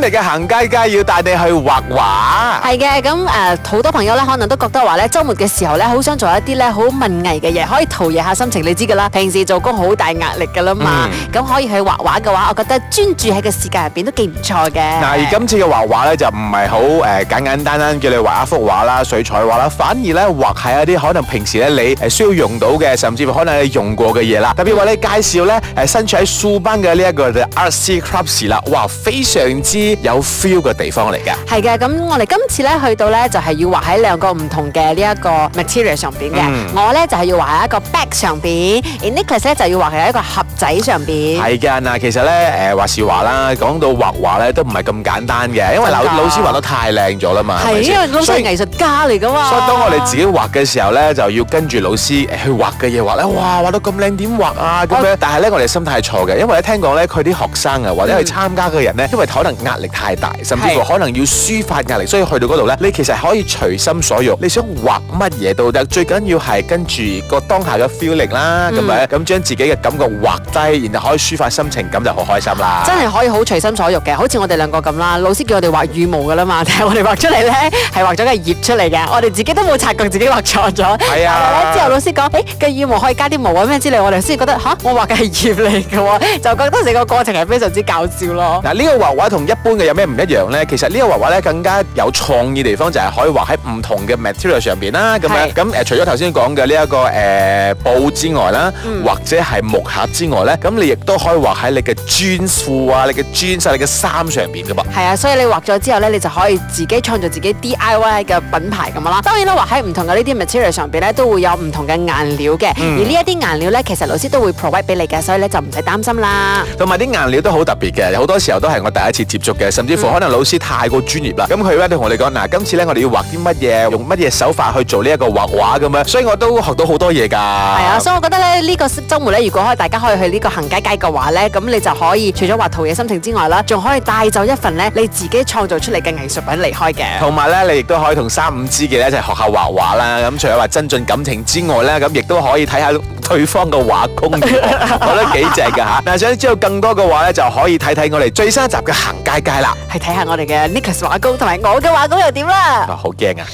今日嘅行街街要帶你去畫畫，係嘅。咁誒，好、呃、多朋友咧，可能都覺得話咧，周末嘅時候咧，好想做一啲咧好文藝嘅嘢，可以陶冶下心情。你知噶啦，平時做工好大壓力噶啦嘛。咁、嗯、可以去畫畫嘅話，我覺得專注喺個世界入邊都幾唔錯嘅。嗱，而今次嘅畫畫咧就唔係好誒簡簡單單叫你畫一幅畫啦、水彩畫啦，反而咧畫係一啲可能平時咧你誒需要用到嘅，甚至乎可能你用過嘅嘢啦。特別話你介紹咧誒，身處喺蘇班嘅呢一個 r c Clubs 啦，哇，非常之～有 feel 嘅地方嚟嘅，係嘅。咁我哋今次咧去到咧，就係、是、要畫喺兩個唔同嘅、嗯、呢、就是、一個 material 上邊嘅。我咧就係、是、要畫喺一個 b a c k 上邊 i n k l e s 咧就要畫喺一個盒仔上邊。係嘅。嗱，其實咧誒話是話啦，講到畫畫咧都唔係咁簡單嘅，因為老，的老師畫得太靚咗啦嘛，係因為老師係藝術家嚟噶嘛，所以當我哋自己畫嘅時候咧，就要跟住老師誒去畫嘅嘢畫咧，哇畫到咁靚點畫啊咁樣。但係咧我哋心態係錯嘅，因為咧聽講咧佢啲學生啊或者去參加嘅人咧，因為，因為可能力太大，甚至乎可能要抒發壓力，所以去到嗰度咧，你其實可以隨心所欲，你想畫乜嘢都得，最緊要係跟住個當下嘅 feeling 啦，咁咪咁將自己嘅感覺畫低，然後可以抒發心情，咁就好開心啦。真係可以好隨心所欲嘅，好似我哋兩個咁啦，老師叫我哋畫羽毛噶啦嘛，但係我哋畫出嚟咧係畫咗個葉出嚟嘅，我哋自己都冇察覺自己畫錯咗。係啊。之後老師講，誒，個羽毛可以加啲毛啊咩之類，我哋先覺得吓，我畫嘅係葉嚟嘅，就覺得成個過程係非常之搞笑咯。嗱，呢個畫畫同一般。有咩唔一樣呢？其實呢一個畫畫咧更加有創意地方就係可以畫喺唔同嘅 material 上邊啦。咁樣咁誒，除咗頭先講嘅呢一個誒、呃、布之外啦，嗯、或者係木盒之外咧，咁你亦都可以畫喺你嘅專褲啊、你嘅專衫、你嘅衫上邊噶噃。係啊，所以你畫咗之後咧，你就可以自己創造自己 DIY 嘅品牌咁樣啦。當然啦，畫喺唔同嘅呢啲 material 上邊咧，都會有唔同嘅顏料嘅。嗯、而呢一啲顏料咧，其實老師都會 provide 俾你嘅，所以咧就唔使擔心啦。同埋啲顏料都好特別嘅，好多時候都係我第一次接觸。甚至乎可能老師太過專業啦。咁佢咧都同我哋講嗱，今次咧我哋要畫啲乜嘢，用乜嘢手法去做呢一個畫畫咁樣。所以我都學到好多嘢㗎。係啊，所以我覺得咧呢個周末咧，如果大家可以去呢個行街街嘅話咧，咁你就可以除咗畫陶冶心情之外啦，仲可以帶走一份咧你自己創造出嚟嘅藝術品離開嘅。同埋咧，你亦都可以同三五知己咧一齊學下畫畫啦。咁除咗話增進感情之外咧，咁亦都可以睇下。對方嘅畫工，我覺得幾正㗎吓。嗱， 想知道更多嘅話咧，就可以睇睇我哋最新一集嘅行街街啦。係睇下我哋嘅 Nicholas 畫工同埋我嘅畫工又點啦。好驚啊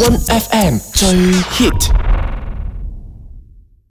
！One FM 最 hit。